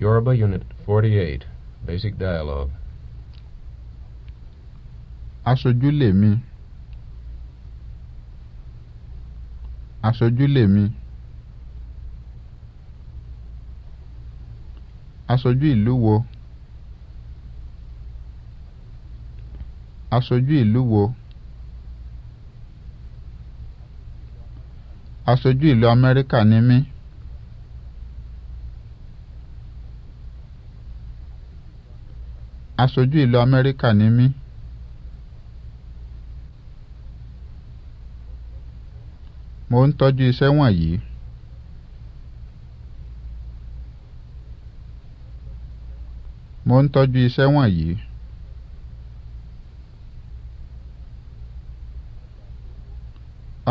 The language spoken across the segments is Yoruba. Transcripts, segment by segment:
Yoruba Unit 48, Basic Dialogue. Aṣojú lèmi. Aṣojú lèmi. Aṣojú ìlú wo? Aṣojú ìlú wo? Aṣojú ìlú Amẹ́ríkà ni mí. Aṣojú ìlú Amẹ́ríkà ni mí. Mo ń tọ́jú iṣẹ́ wọ̀nyí. Mo ń tọ́jú iṣẹ́ wọ̀nyí.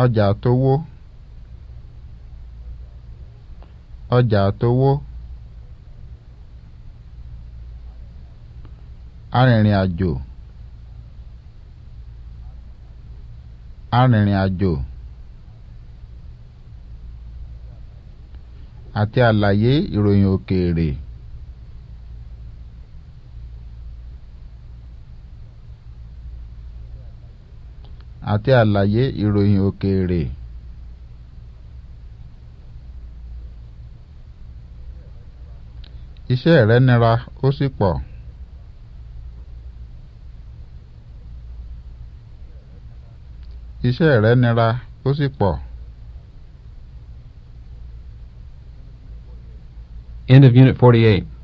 Ọjà àtowó. Ọjà àtowó. arìnrìn àjò arìnrìn àjò àti àlàyé ìròyìn òkèèrè. àti àlàyé ìròyìn òkèèrè. iṣẹ́ rẹ̀ nira ó sì pọ̀. iṣẹ́ rẹ̀ nira ó sì pọ̀. End of Unit 48.